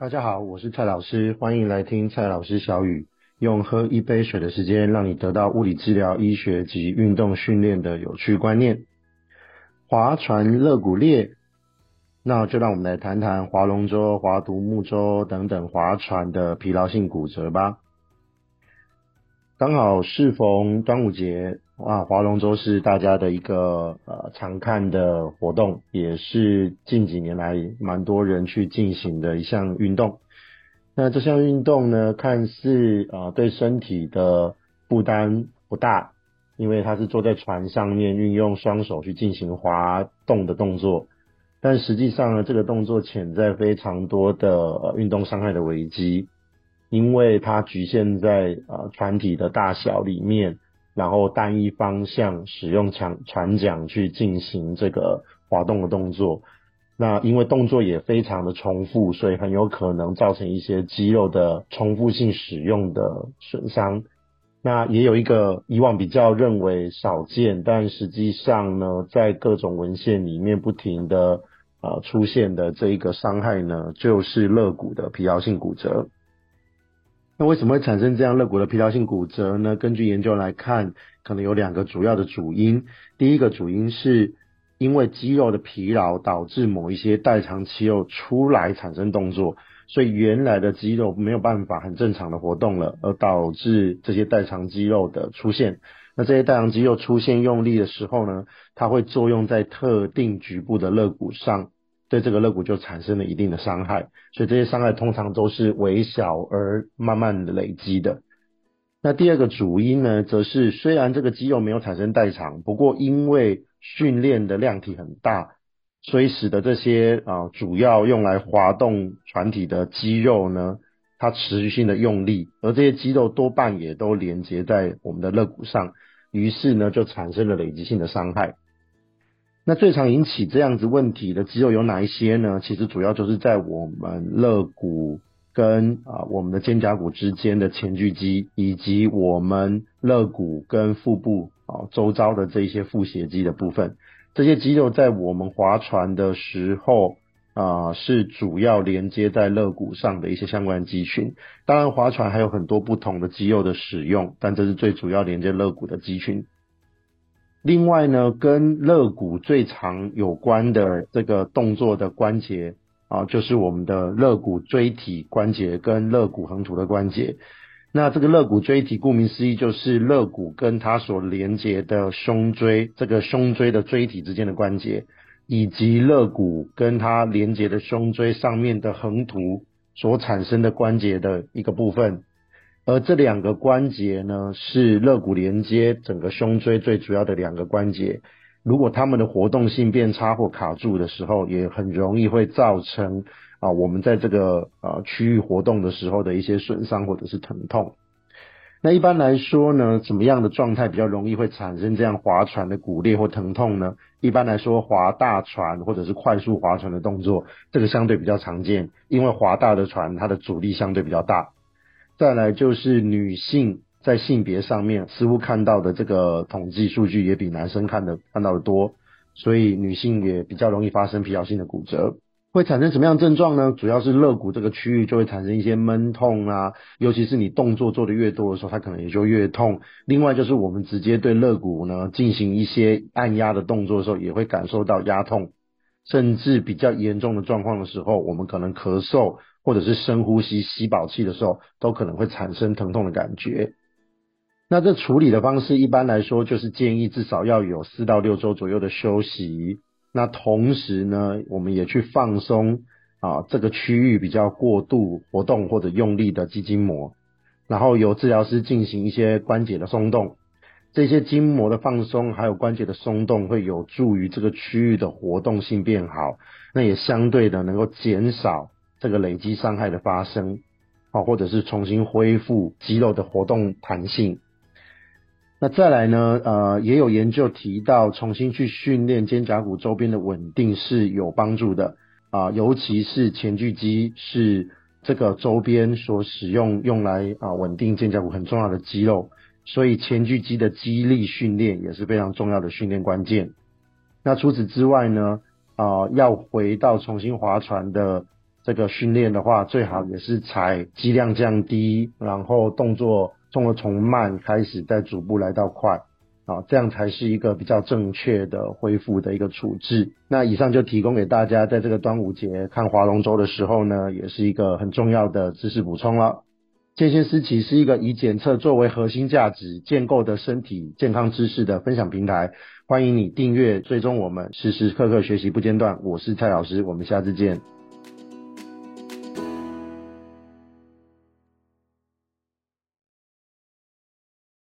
大家好，我是蔡老師，歡迎來聽蔡老師小語，用喝一杯水的時間，讓你得到物理治療、醫學及運動訓練的有趣觀念。划船肋骨裂，那就讓我們來談談划龍舟、划獨木舟等等划船的疲勞性骨折吧。剛好適逢端午節。啊，划龍舟是大家的一個呃常看的活動，也是近幾年來蠻多人去進行的一項運動。那這項運動呢，看似啊、呃、對身體的負擔不大，因為它是坐在船上面，運用雙手去進行划動的動作。但實際上呢，這個動作潛在非常多的呃運動傷害的危機，因為它局限在啊、呃、船體的大小裡面。然後單一方向使用槳船,船槳去進行這個劃動的動作，那因為動作也非常的重複，所以很有可能造成一些肌肉的重複性使用的損傷。那也有一個以往比較認為少見，但實際上呢，在各種文獻裡面不停的啊、呃、出現的這一個傷害呢，就是肋骨的疲勞性骨折。那為什麼會產生這樣肋骨的疲勞性骨折呢？根據研究來看，可能有兩個主要的主因。第一個主因是因為肌肉的疲勞導致某一些代償肌肉出來產生動作，所以原來的肌肉沒有辦法很正常的活動了，而導致這些代償肌肉的出現。那這些代償肌肉出現用力的時候呢，它會作用在特定局部的肋骨上。對這個肋骨就產生了一定的傷害，所以這些傷害通常都是微小而慢慢累積的。那第二個主因呢，則是雖然這個肌肉沒有產生代償，不過因為訓練的量體很大，所以使得這些啊、呃、主要用來划動船體的肌肉呢，它持續性的用力，而這些肌肉多半也都連接在我們的肋骨上，於是呢就產生了累積性的傷害。那最常引起這樣子問題的肌肉有哪一些呢？其實主要就是在我們肋骨跟啊、呃、我們的肩胛骨之間的前鋸肌，以及我們肋骨跟腹部啊、呃、周遭的這一些腹斜肌的部分。這些肌肉在我們划船的時候啊、呃、是主要連接在肋骨上的一些相關的肌群。當然划船還有很多不同的肌肉的使用，但這是最主要連接肋骨的肌群。另外呢，跟肋骨最常有關的這個動作的關節啊，就是我們的肋骨椎體關節跟肋骨橫突的關節。那這個肋骨椎體，顧名思義，就是肋骨跟它所連接的胸椎這個胸椎的椎體之間的關節，以及肋骨跟它連接的胸椎上面的橫突所產生的關節的一個部分。而這兩個關節呢，是肋骨連接整個胸椎最主要的兩個關節。如果它們的活動性變差或卡住的時候，也很容易會造成啊，我們在這個啊區域活動的時候的一些損傷或者是疼痛。那一般來說呢，怎麼樣的狀態比較容易會產生這樣划船的骨裂或疼痛呢？一般來說，划大船或者是快速划船的動作，這個相對比較常見，因為划大的船，它的阻力相對比較大。再來就是女性在性別上面似乎看到的這個統計數據也比男生看的看到的多，所以女性也比較容易發生疲勞性的骨折。會產生什麼樣的症狀呢？主要是肋骨這個區域就會產生一些悶痛啊，尤其是你動作做得越多的時候，它可能也就越痛。另外就是我們直接對肋骨呢進行一些按壓的動作的時候，也會感受到壓痛，甚至比較嚴重的狀況的時候，我們可能咳嗽，或者是深呼吸、吸飽氣的時候，都可能會產生疼痛的感覺。那這處理的方式一般來說就是建議至少要有四到六週左右的休息。那同時呢，我們也去放鬆啊這個區域比較過度活動或者用力的肌筋膜，然後由治療師進行一些關節的鬆動。這些筋膜的放鬆，還有關節的鬆動，會有助於這個區域的活動性變好。那也相對的能夠減少。這個累積傷害的發生，啊，或者是重新恢復肌肉的活動彈性。那再來呢？呃，也有研究提到，重新去訓練肩胛骨周邊的穩定是有幫助的啊、呃，尤其是前鋸肌是這個周邊所使用用來啊、呃、穩定肩胛骨很重要的肌肉，所以前鋸肌的肌力訓練也是非常重要的訓練關鍵。那除此之外呢？啊、呃，要回到重新划船的。這個訓練的話，最好也是採劑量降低，然後動作從從慢開始，再逐步來到快，啊，這樣才是一個比較正確的恢復的一個處置。那以上就提供給大家，在這個端午節看划龍舟的時候呢，也是一個很重要的知識補充了。健先思齊是一個以檢測作為核心價值建構的身體健康知識的分享平台，歡迎你訂閱、追蹤我們，時時刻刻學習不間斷。我是蔡老師，我們下次見。